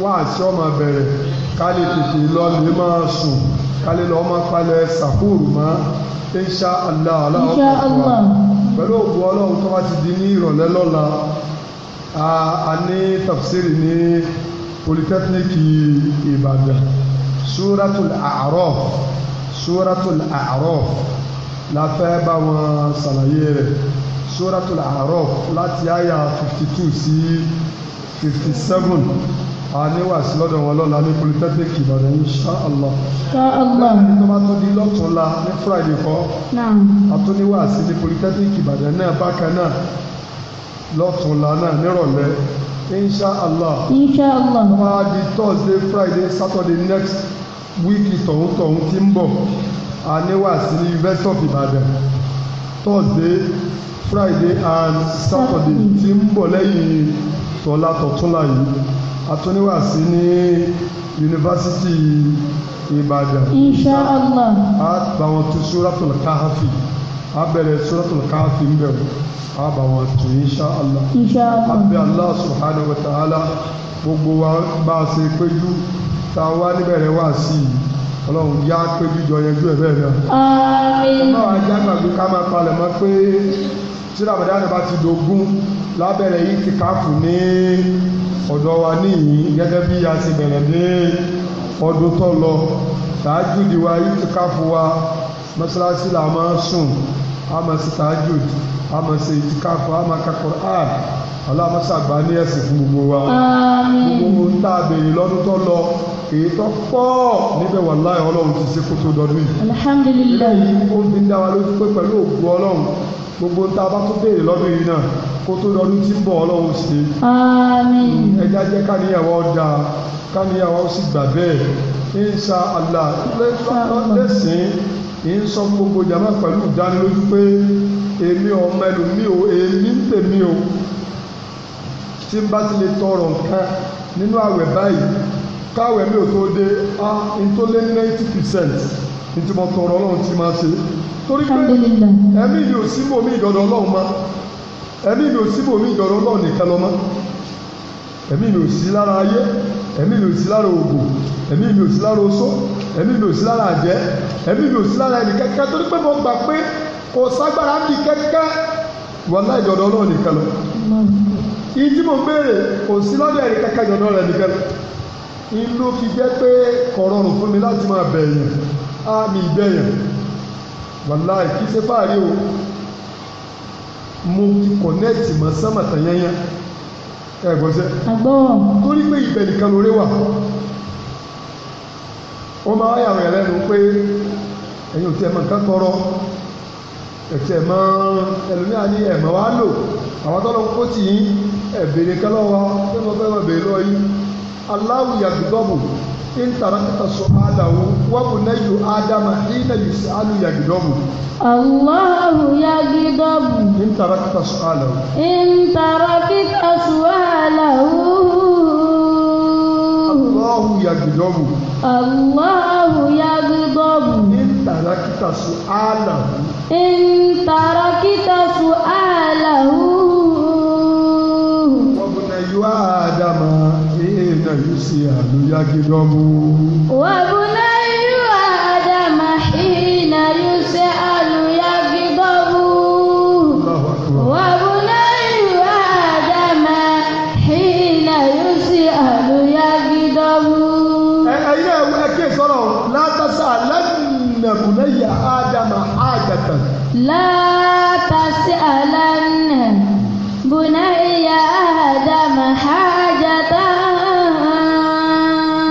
wàásù ọmọ bẹ̀rẹ̀ ká lè tètè lọ lè máa sùn ká lè lọ máa palẹ̀ sàkóòrù mọ́ insha allah aláwọ̀ pẹ̀lú òkú ọlọ́run tó bá ti di ní ìrọ̀lẹ́ lọ́la a ní tafsiri ní polytechnic ìbàdàn suratul a'raf suratul a'raf la fẹ́ bá wọn ṣàlàyé rẹ̀ suratul a'raf láti àyà fifty two sí fifty seven a ní wà sí lọ́dọ̀ wọn lọ́la ní polytechnic Ìbàdàn insha Allah. bẹ́ẹ̀ ni tó bá tó di lọ́túnla ní Friday kọ́ àtúníwà sí ní polytechnic Ìbàdàn náà bákan náà lọ́túnla náà nírọ̀lẹ́ insha Allah. insha Allah. wọ́n á di Thursday Friday Saturday next week tọ̀hún tọ̀hún ti ń bọ̀ a ní wà sí University of Ìbàdàn Thursday Friday and Saturday ti ń bọ̀ lẹ́yìn tọ́lá yìí atúníwàsí ní yunifásitì ìbàdàn. insha allah. a bá wọn tú suratul káháfì a bẹ̀rẹ̀ suratul káháfì ń bẹ̀rù a bá wọn tú insha allah. insha allah. a allah subhanahu wa ta'ala gbogbo wa bá a ṣe péjú tá a wá níbẹ̀rẹ̀ wá sí i ọlọ́run yá péjú jọ yanjú ẹ̀ bẹ́ẹ̀ náà. àmín. ọlọ́run ajá gbàgbé ká máa palẹ̀ mọ́ pé tí ramadan bá ti dogun lábẹ̀rẹ̀ yìí ti káàpù ní ọ̀dọ̀ wa níyìí gẹ́gẹ́ bí a ti bẹ̀rẹ̀ ní ọdún tó lọ tàájúdi wa yìí ti káàpù wa mọ́ṣáláṣí là máa sùn a máa ṣe tàájúdi a máa ṣe ti káàpù a máa ka Qur'an aláàmọ́sàgbà ní ẹ̀sìn fún gbogbo wa gbogbo ń tà lọ́dún tó lọ èyí tó pọ̀ níbẹ̀ wàláhì ọlọ́run ti ṣe kó tó dọdún yìí. alhamdulilayi. ó ti ń dá wa lójú pé pẹ̀lú òkú ọlọ́run gbogbo ń tà tó béèrè lọ́dún yìí náà kó tó lọ ní tí ń bọ̀ ọlọ́run ṣe. àmín. ẹja jẹ́ káníyàwó da káníyàwó sì gbà bẹ́ẹ̀ insha Allah lẹ́sìn ń sọ gbogbo jàmá pẹ̀lú ìdánilójú pé èmi ọmọ ẹlòmíì o èmi ń tèmi o tí n bá ti lè tọrọ nǹkan nínú àwẹ̀ báyìí káwẹ̀ mi ò tó dé a n tó lé ninety percent n tí mo tọrọ ọlọ́run ti máa ṣe torí pé ẹ̀mí yìí ò sí mọ́ ìdọ̀dọ̀ ọlọ́run máa ẹ̀mí mi ò sí bòmí ìjọ̀rọ̀ náà nìkan lọ́mọ́ ẹ̀mí mi ò sí lára ayé ẹ̀mí mi ò sí lára ògùn ẹ̀mí mi ò sí lára oṣó ẹ̀mí mi ò sí lára àjẹ́ ẹ̀mí mi ò sí lára ẹnì kẹ́kẹ́ torí pé mo gbà pé kò ságbára di kẹ́kẹ́ wọn náà ìjọ̀rọ̀ náà nìkan lọ. iye tí mo béèrè kò sí lọ́dọ̀ ẹ̀rí kẹ́kẹ́ ìjọ̀rọ̀ rẹ̀ nìkan lọ. inú fi jẹ́ pé kò rọrùn fún mi láti máa bẹ̀yàn á mi bẹ̀yàn wàláì kí ṣe fáàrí o mo kọ̀nẹ́ẹ̀tì mọ́ sánmàtà yányá ẹ gbọ́ sẹ́. àgbọ̀. torí pé ibẹ̀ nìkan lóore wà wọ́n máa yà wọ́n lẹ́nu pé ẹ̀yin ò tẹ́ mọ nǹkan tọrọ ẹ̀tẹ̀ mọ ẹlòmíà ní ẹ̀mọ́ wa lò àwọn tọ́lọ́ kó tì yín ẹ̀bẹ̀rẹ̀ kálọ̀ wa fẹ́ mọ fẹ́ mọ bẹ̀rẹ̀ lọ yín aláwù yàgùdọ́bù ń tara kíta sọ àdàwù wọ́pù náà yóò ádámà ní náà yóò sàálù yàgùdọ́bù. aláwù yàgùdọ́. إن تركت سؤاله إن تركت سؤاله الله يغضب الله يغضب إن تركت سؤاله إن تركت سؤاله وابن آدم حين يسأل يغضب وابن تتن لا تسألن بني آدم حاجة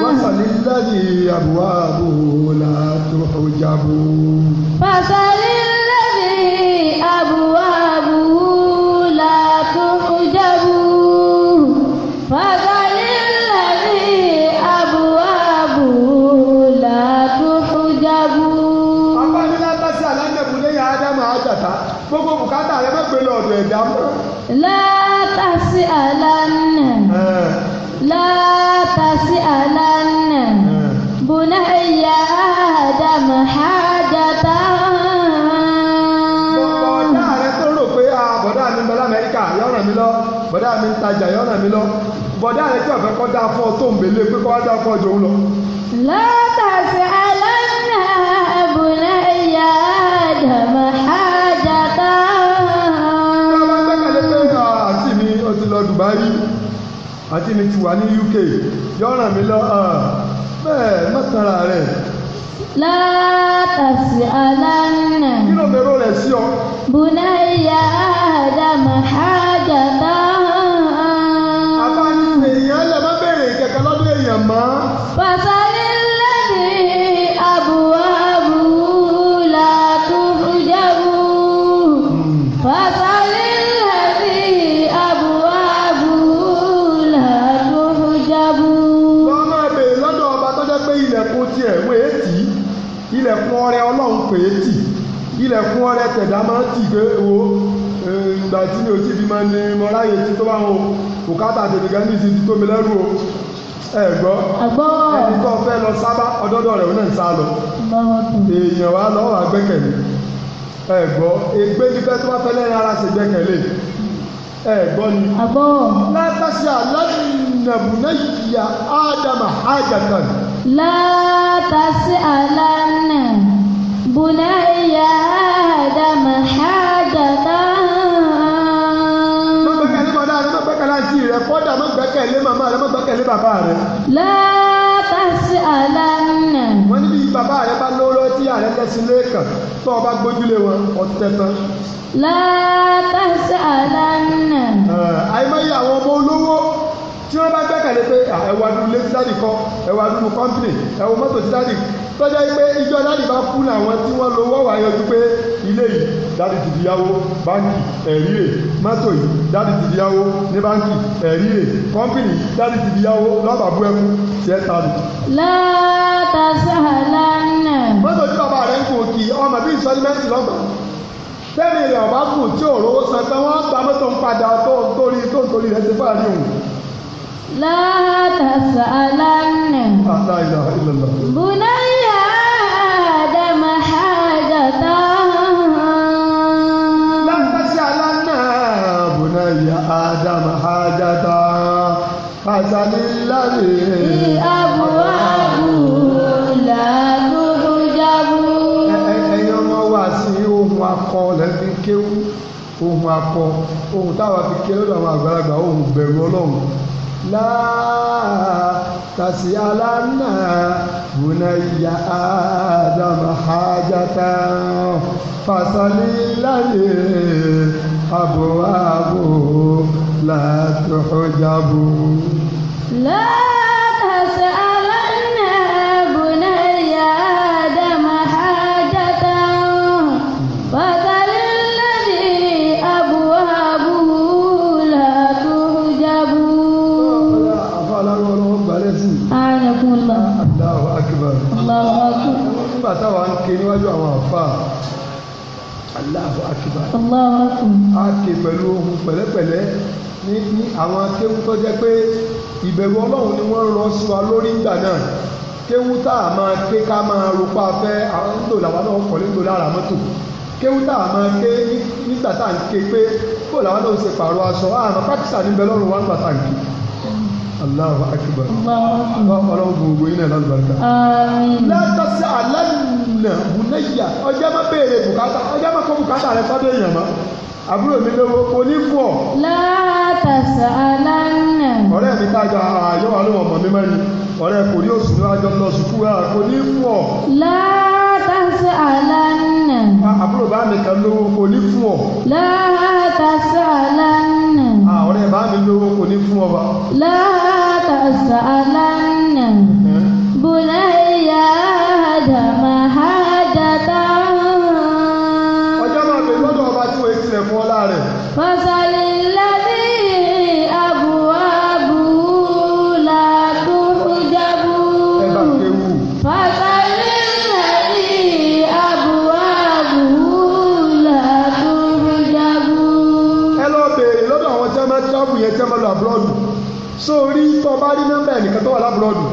وصل الذي أبواب rajà yọ ọ̀nà mi lọ bọ̀dá rẹ̀ tí ọ̀fẹ́ kọ́ dáa fún ọ tó ń belé pé kọ́ wá dáa fún ọjọ́ òun lọ. látàfẹ́ aláǹdà àbùnà ìyá àdàmà àjàká. káwá gbẹ́kẹ̀lé pé àti mi ó ti lọ Dubai àti mi ti wà ní UK yọ mi lọ bẹ́ẹ̀ mọ́tàrà rẹ̀ látàfẹ́ aláǹdà. kí ló bẹ̀rù rẹ̀ sí ọ. bùnà ìyá ẹ̀dá máa ń tì pé wo ìgbà tí mi ò ti bímọ ni mo ráyè tí tó bá wọn bùkátà tètè gan ní ti ti tó mi lẹ́rù o ẹ gbọ́ ẹni tó fẹ́ lọ sábà ọdọ́dọ̀ rẹ̀ náà ń sá lọ èèyàn wa lọ́wọ́ àgbẹ́kẹ̀lé ẹ gbọ́ ègbé fífẹ́ tó bá fẹ́ lẹ́yìn ara ṣe gbẹ́kẹ̀lé ẹ gbọ́ ni. látàṣí àlànàbù náà yíya ádámà ájàtàn. látàṣí àlànà bùnáyà. rẹ kọ́dà má gbẹ́kẹ̀lé màmá rẹ má gbẹ́kẹ̀lé bàbá rẹ. látàsí àlànà. wọ́n níbi bàbá rẹ bá lóró tí ààrẹ lẹ́sìn lẹ́ẹ̀kan tó o bá gbójúlé wọn ọ̀tẹ̀ tán. látàsí àlànà. àìmọye àwọn ọmọ olówó tí wọ́n bá g lè pé ẹwà dúdú lé sí kan ẹwà dúdú kọ́ńpìnì ẹwà mọ́tò sí tọ́jà pé ìjọ dáàdì bá kú làwọn tí wọ́n lo wọ́wà yọjú pé ilé yìí dáàdì ti báńkì ẹ̀rí rè mọ́tò yìí dáàdì ti ní báńkì ẹ̀rí rè kọ́ńpìnì dáàdì ti di yáwó lọ́bà bú ẹkú tiẹ̀ tàbí. látàsáàlánà. mọ́tò tí bàbá rẹ̀ ń kò kì ọmọ bí ìsọdúnmẹ́sì lọ́gbà tẹ́lẹ̀ rẹ̀ ọ̀bá kù tí òróró san tán wọ́n gba mọ́tò ń padà tó ń torí tó ń torí rẹ̀ ti fáàrí لتسألن لا إله إلا الله بني آدم حاجة لا تسألن بني آدم حاجة فسل الذي أبواب لا تحجب ẹ̀yin ọmọ wa sí ohun akọ lẹ́bí kéwú ohun akọ ohun táwa fi ké lọ́dọ̀ àwọn àgbàlagbà ohun bẹ̀rù ọlọ́run لا تسألن بني آدم حاجة فصل لي أبواب لا تحجب لا تسألن àwọn kéwú tó jẹ́ pé ìbẹ̀rù ọlọ́run ni wọ́n rọ sí wa lórí ìgbà náà kéwú tá a máa ké ká máa ropa fẹ́ àwọn ń lò làwa náà kọ̀ nílò lára mọ́tò kéwú tá a máa ké nígbà tá à ń ké pé kó làwa náà ṣe pààrọ̀ aṣọ àrùn pákísà níbẹ̀ lọ́rùn wá ń gbà tá à ń ké. Allahu akbar. Ọlọ́run gbogbo iná lọ́dún bàtà. Látàsí àlànà bùnẹ́yà ọjọ́ máa béèrè bùkátà ọjọ́ máa kọ́ bùkátà rẹ sọ́dọ̀ èèyàn mọ́. Àbúrò mi lówó onífọ̀. Láàá látàsálánà. ọ̀rẹ́ mi kájà àyọ̀ wà lóhùn ọmọ mi mẹ́rin ọ̀rẹ́ kò ní oṣù ní àjọ lọ sùkú rà kò ní fún ọ. látàsálánà. àbúrò bá mi kan lówó kò ní fún ọ. látàsálánà. ọ̀rẹ́ bá mi lówó kò ní fún ọ bá. látàsálánà. so orí tó o bá rí nọ́mbà ẹnìkan tó wà lábúrọ́dù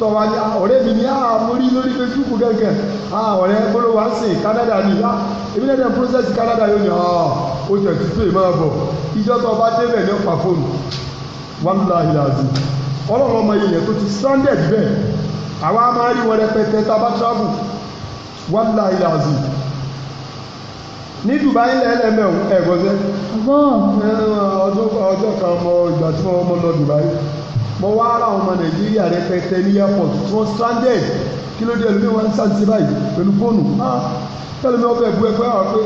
tó wà ní ọ̀rẹ́ mi ní àá ah, mo rí lórí Facebook gẹ́gẹ́ àá ah, ọ̀rẹ́ wá sí Canada ni á ah, èmi náà dẹ̀ process Canada yóò ní ọ̀ o jẹ̀ ti pè máa bọ̀ ìjọ tó o bá débẹ̀ ní ọ̀pá fóònù one line lazi ọlọ́run ọmọ yìnyẹn tó ti stranded bẹ́ẹ̀ àwa máa rí wọn rẹpẹtẹ tá a bá travel one line lazi ní Dubai lẹ́lẹ́mẹ̀ ọ̀hún ẹ̀gbọ́sẹ́ ọjọ́ kan mọ ìgbà tí wọ́n mọ lọ Dubai mọ wá ara àwọn ọmọ Nàìjíríà rẹpẹtẹ ní airport tí wọ́n stranded kí ló dé ẹlòmí wọn sáǹtì báyìí pẹ̀lú fóònù tẹ́lẹ̀mí ọbẹ̀ ẹ̀bú ẹ̀pẹ́ àwọn pé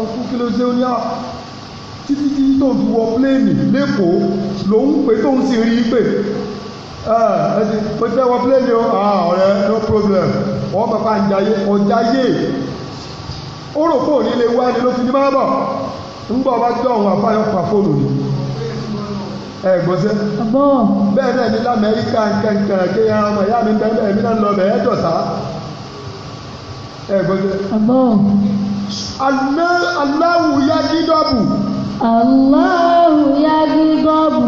ọkú kí ló dé ó ní àwọn títí títí tó ń fi wọ pléènì lẹ́kọ̀ọ́ lòun pé tóun sì rí i pé mo ti fẹ́ wọ pléènì o ọ̀rẹ́ no problem wọ́n bàbá ń jayé ọ̀jayé ó rò fóònù wá ni ló ti ní máa bọ̀ ńgbọ́ bá jọ òun àfáyọ́ pa fóònù ni ẹ gbọ́ bẹ́ẹ̀ náà ní lamẹ́ríkà kẹ̀kẹ́ kéèyàn ọmọ ìyá mi bẹ́ẹ̀ bẹ́ẹ̀ mi náà lọ bẹ́ẹ̀ dọ̀tá ẹ gbọ́ sẹ́. Allahu yagi dọ́bù. Allahu yagi dọ́bù.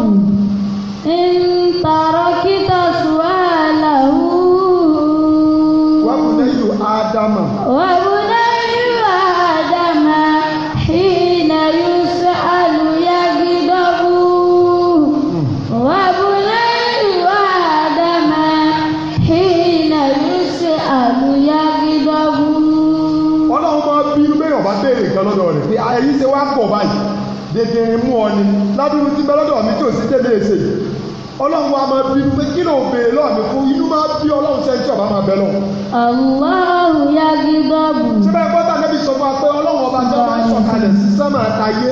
ọlọ́run wa máa bínú pé kí ló bèè lọ́ọ̀mí fún inú máa bí ọlọ́run ṣe ń tí ọba máa bẹ lọ. àwòrán ya gígbọ́ọ̀bù. síbẹ̀ pọ́tà níbi sọ fún wa pé ọlọ́run ọba tó máa ń sọ̀kalẹ̀ sí sánmà àtàyé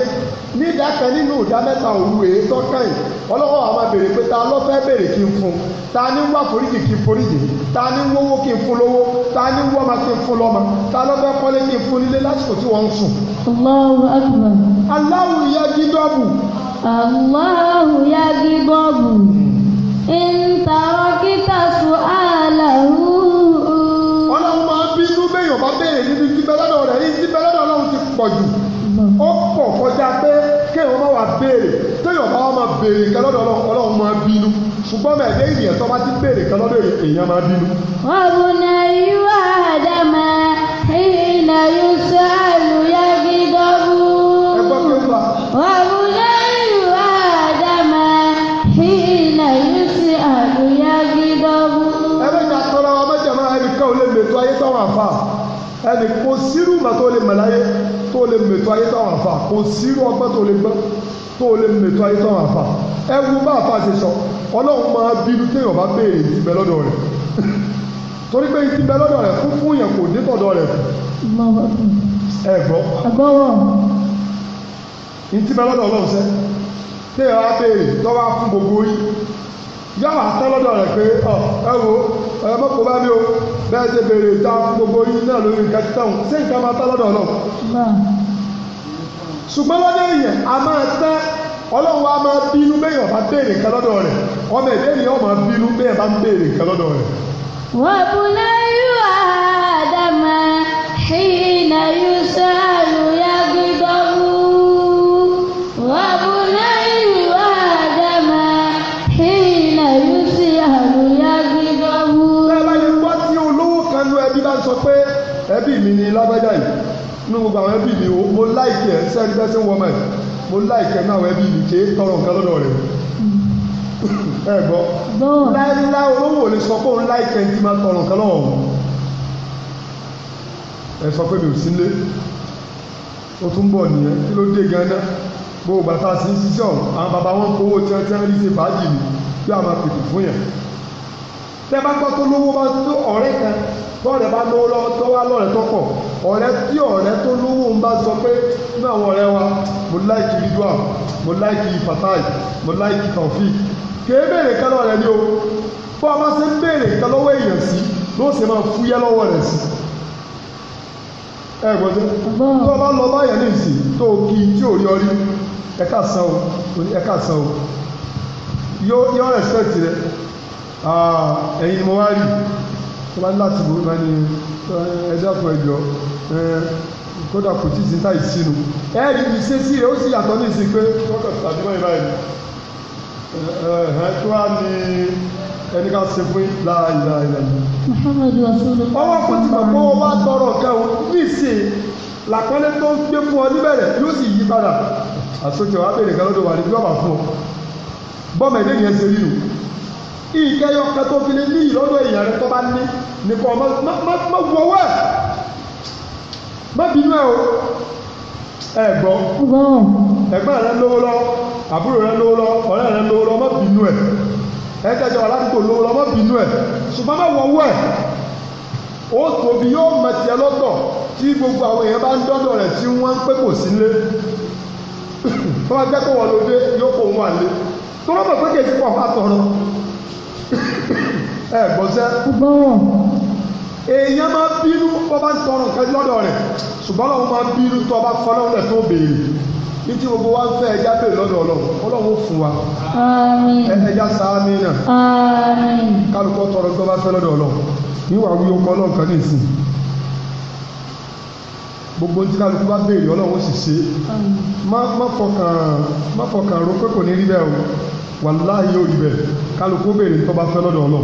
ní ìdákan nínú ìdá mẹ́ta òru èyí tọ́kàn yìí ọlọ́run wa máa béèrè pé ta ló fẹ́ béèrè kí n fún ta ní wá foríjì kí n foríjì ta ní wówó kí n fún lówó ta ní wọ́mà kí n fún lọ́mà ta ló fẹ́ kọ́lé kí n fún nílé lásìkò tí wọ́n ń sùn. Allahu akbar. Allahu ya gídọ́bù. Allahu ya gídọ́bù ń tarọ́ ó pọ̀ kọjá pé kéèyàn bá wà béèrè kéèyàn bá wà máa béèrè nǹkan lọ́dọ̀ ọlọ́run máa bínú ṣùgbọ́n bẹ́ẹ̀ lé ènìyàn tó bá ti béèrè nǹkan lọ́dọ̀ èèyàn máa bínú. ọ̀bùnà irú àdàmà ìhìnà yóò ṣe àlùyá gídọ́rù. ẹ gbọ́ pé wà. ọ̀bùnà táwọn àfa ẹnì kò sírù mà tó lè mẹ̀láyé tó lè mètò ayé táwọn àfa kò sírù ọgbọ́n tó lè gbọ́n tó lè mètò ayé táwọn àfa ẹ wo bá àfa ṣe sọ ọlọ́run máa bínú téèyàn bá béèrè ìtìbẹ́ lọ́dọ̀ rẹ̀ torí pé ìtìbẹ́ lọ́dọ̀ rẹ̀ fún fún yẹn kò dé tọ̀dọ̀ rẹ̀ ẹ gbọ́ ìtìbẹ́ lọ́dọ̀ ọlọ́run sẹ́ téèyàn bá béèrè tọ́wá fún gbogbo yìí yàrá tẹ́lọ́dọ̀ rẹ̀ pé ẹ wo ẹ mọ́kò bá mi o bẹ́ẹ̀ ṣe bèrè ìta gbogbo yín náà lórí nǹkan títà nǹkan máa tán lọ́dọ̀ náà. ṣùgbọ́n lọ́dọ̀ èèyàn a máa tẹ́ ọlọ́run wa máa bínú bẹ́yàn bá béèrè nǹkan lọ́dọ̀ rẹ̀ ọmọ ẹ̀dẹ́ ènìyàn máa bínú bẹ́yàn bá ń béèrè lọ́dọ̀ rẹ̀. wàbùnà yóò àdàmà hìnà yóò ẹbí mi ni lágbájá yìí nínú gbogbo àwọn ẹbí mi mo láìkì ẹ sẹ́ni bẹ́ẹ̀ sí ń wọmọ ẹ̀ mo láìkì ẹ náà àwọn ẹbí mi kéé tọrọ nǹkan lọ́dọ̀ rẹ̀ hmm. ẹ gbọ́ láìláì olówó lè sọ pé òun láìkì ẹ ti máa tọrọ nǹkan lọ́wọ́ ẹ sọ pé mi ò sílé ó tún bọ̀ nìyẹn kí ló dé gan-an gbogbo bàtà sí ṣíṣẹ́ ọ̀hún àwọn bàbá wọn kówó tí wọ́n ti ń rí ṣe fàájì mi bí àwọn àpètè fún yẹn tẹ́ bá gbọ́ tó lówó bá tó ọ̀rẹ́ kan bọ́ọ̀rẹ́ bá lówó lọ́wọ́ tó wá lọ́rẹ́ tó kọ̀ ọ̀rẹ́ tí ọ̀rẹ́ tó lówó ń bá sọ pé nínú àwọn ọ̀rẹ́ wa mo láìkì ridwan mo láìkì fatai mo láìkì taofik kèé béèrè kan lọ́rẹ́ ni o bọ́ ọmọ ṣe ń béèrè kan lọ́wọ́ èèyàn sí ló ṣe máa fúyẹ́ lọ́wọ́ rẹ̀ sí ẹ gbọ́dọ̀ tó bá lọ báyẹn ní ìsìn tó kí tí ò rí ọ rí ẹ ká san o ẹ ká san o yóò respect rẹ ẹ̀yin ni mo wá rí tó bá ní láti bò bá ní ẹjọ́ fún ẹjọ́ kódà kò tí ì síta ìsinu ẹ ẹ ibi ṣe sí rẹ ó sì yàtọ̀ ní ìsìn pé wọ́n kàn tàbí báyìí báyìí ẹ tó wá ní ẹni ká ṣe fún ìlà ìlà ìlà yìí. ọwọ́ kò tí kò kó wá tọrọ kẹwọn ní ìsìn làkọ́lé tó ń gbé fún ọ níbẹ̀rẹ̀ yóò sì yí padà àsojọ abẹ́rẹ́ kan lọ́dọ̀ wà ní bí wọ́n bá fún ọ bọ́mọ̀ ẹ̀dẹ́ ìkẹyọ kan tó fi lè ní ìlọ́dọ̀ èèyàn rẹ tó bá ní nìkan má wọwọ́ ẹ̀ má bínú ẹ̀ o ẹ gbọ́ ẹ̀gbọ́n rẹ lówó lọ àbúrò rẹ lówó lọ ọ̀rẹ́ rẹ lówó lọ má bínú ẹ̀ ẹ tẹ́jọ́ aládùúgbò lówó lọ má bínú ẹ̀ ṣùgbọ́n má wọwọ́ ẹ̀ ó tóbi yóò mẹtì ẹ lọ́tọ̀ tí gbogbo àwọn èèyàn bá ń dọ́dọ̀ rẹ̀ tí wọ́n ń pé kò sí lé tó bá jẹ́ kó wọ́n lóde yóò kó wọn lé tó lọ́mọ̀ pé kèsì pọ̀ fà tọ̀rọ̀. ẹ gbọ́ sẹ́. èèyàn máa bínú bọ́ ń tọrọ nǹkan lọ́dọ̀ rẹ̀ ṣùgbọ́n lọ́wọ́ máa bínú tó ọba fọlọ́wọ́ rẹ̀ tó béèrè ní tí gbogbo wa ń fẹ́ ẹja lọ́dọ̀ ọlọ́run ọlọ́run fún wa ẹja sáámi náà kálukọ́ tọrọ tó bá fẹ́ lọ́dọ̀ ọlọ́run níwà wí ọkọ ọlọ́run kan nìsín gbogbo tí kálukú bá bèrè ọlọ́run ó sì ṣe má fọkàn rò pé kò ní rí bẹ́ẹ̀ o. wàláhì yóò rí bẹ́ẹ̀ kálukú béèrè tó bá fẹ́ lọ́dọ̀ ọlọ́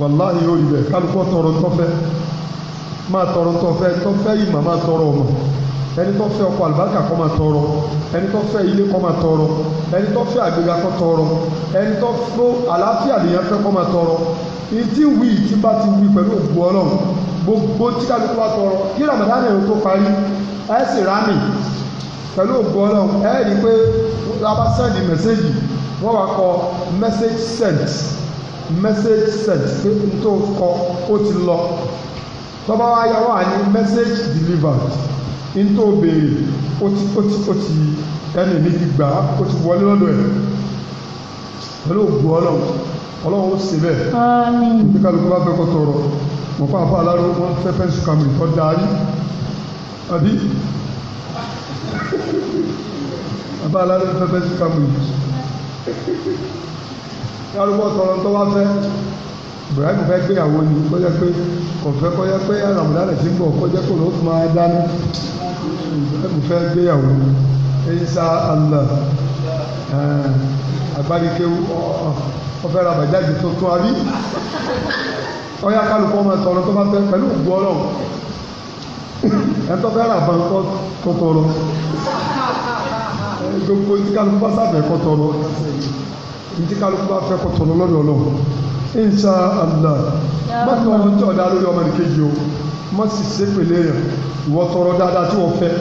wàláhì yóò rí bẹ́ẹ̀ kálukú tọrọ tó fẹ́ máa tọrọ tó fẹ́ tó fẹ́ ìmọ̀ máa tọrọ ọmọ ẹni tó fẹ́ ọkọ àlùbáríkà kó máa tọrọ ẹni tó fẹ́ ilé kó máa tọrọ ẹni tó fẹ́ àgbéga kó tọrọ ẹni tó fẹ́ àlàáfíà lèèyàn fẹ́ kó máa tọrọ ìtí wí ìtí bá ti wí pẹ̀lú òkú ọlọ́run gbogbo tí kálukú bá tọrọ kí ramadan ẹ̀rọ tó parí ẹ̀ sì rámì pẹ̀lú òkú ọlọ́run ẹ̀ rí i pé labasẹ́ẹ̀dì mẹ́sẹ́ẹ̀jì wọ́n wá kọ message sent message sent pé n tó kọ ó ti lọ tọ́ba wa yà wá ní message delivered n tó béèrè ó ti ó ti ó ti ẹni mi ti gbà ó ti wọlé lọ́dọ̀ ẹ̀ pẹ̀lú ògùn ọlọ́run ọlọ́run ó ṣe bẹ́ẹ̀ bí kálukú bá fẹ́ kó tọrọ mọ̀ fún àbá aláró wọn fẹ́ fẹ́ǹsì kàmì tó darí àbí àbá aláró fẹ́ fẹ́ǹsì kàmì kálukọ́ tọrọ tó wá fẹ́ Ibrahim fẹ́ gbéyàwó ni kó jẹ́ pé kò fẹ́ kó jẹ́ pé Ramadan ti ń bọ̀ kó jẹ́ kó ló tún máa dáná Ibrahim fẹ́ gbéyàwó ni Isa Allah eh, agbárikewu ọfẹ́ ra bàjáde tuntun àbí ọyá kálukọ́ máa tọrọ tó bá fẹ́ pẹ̀lú ògbó Ọlọ́run ẹ̀ tó fẹ́ rà bá ń kọ́ tó tọrọ gbogbo ní kálukú bá sábẹ̀ kọ́ tọrọ ní kálukú bá fẹ́ kọ́ tọrọ lọ́dọ̀ ọlọ́run insha allah bákan ọmọ tí ọ̀dà lórí ọmọ nìkejì o má sì ṣépèlé yẹn ìwọ tọrọ dáadáa tí wọ́n fẹ́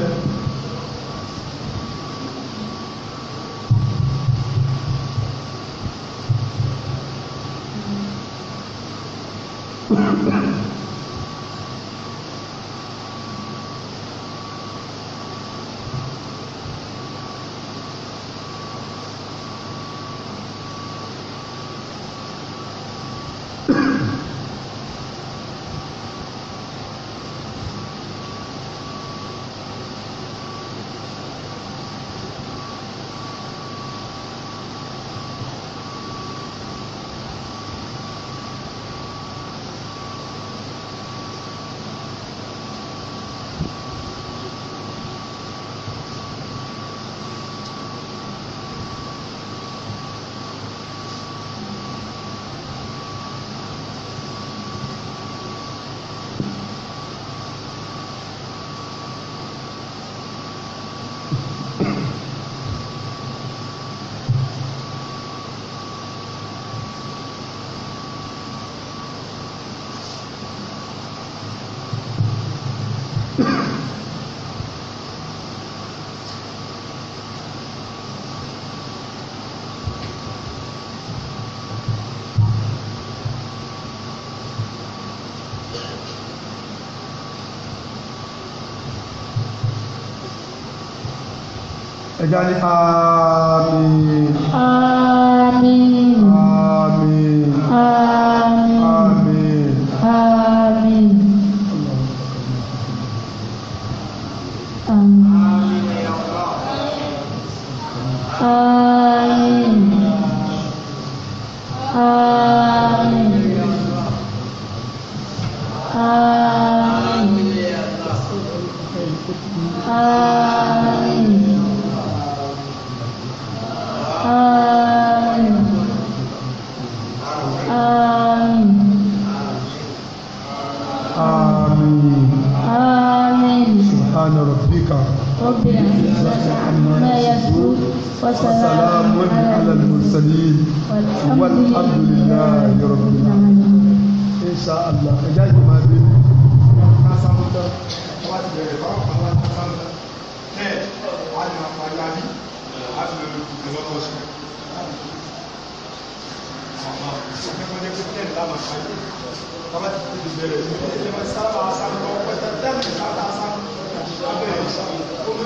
ẹ̀dá ní àmín. وسلام على المرسلين والحمد لله رب العالمين ان شاء الله ẹja yìí máa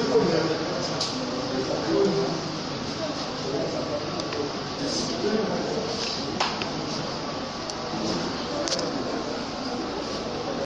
Thank you.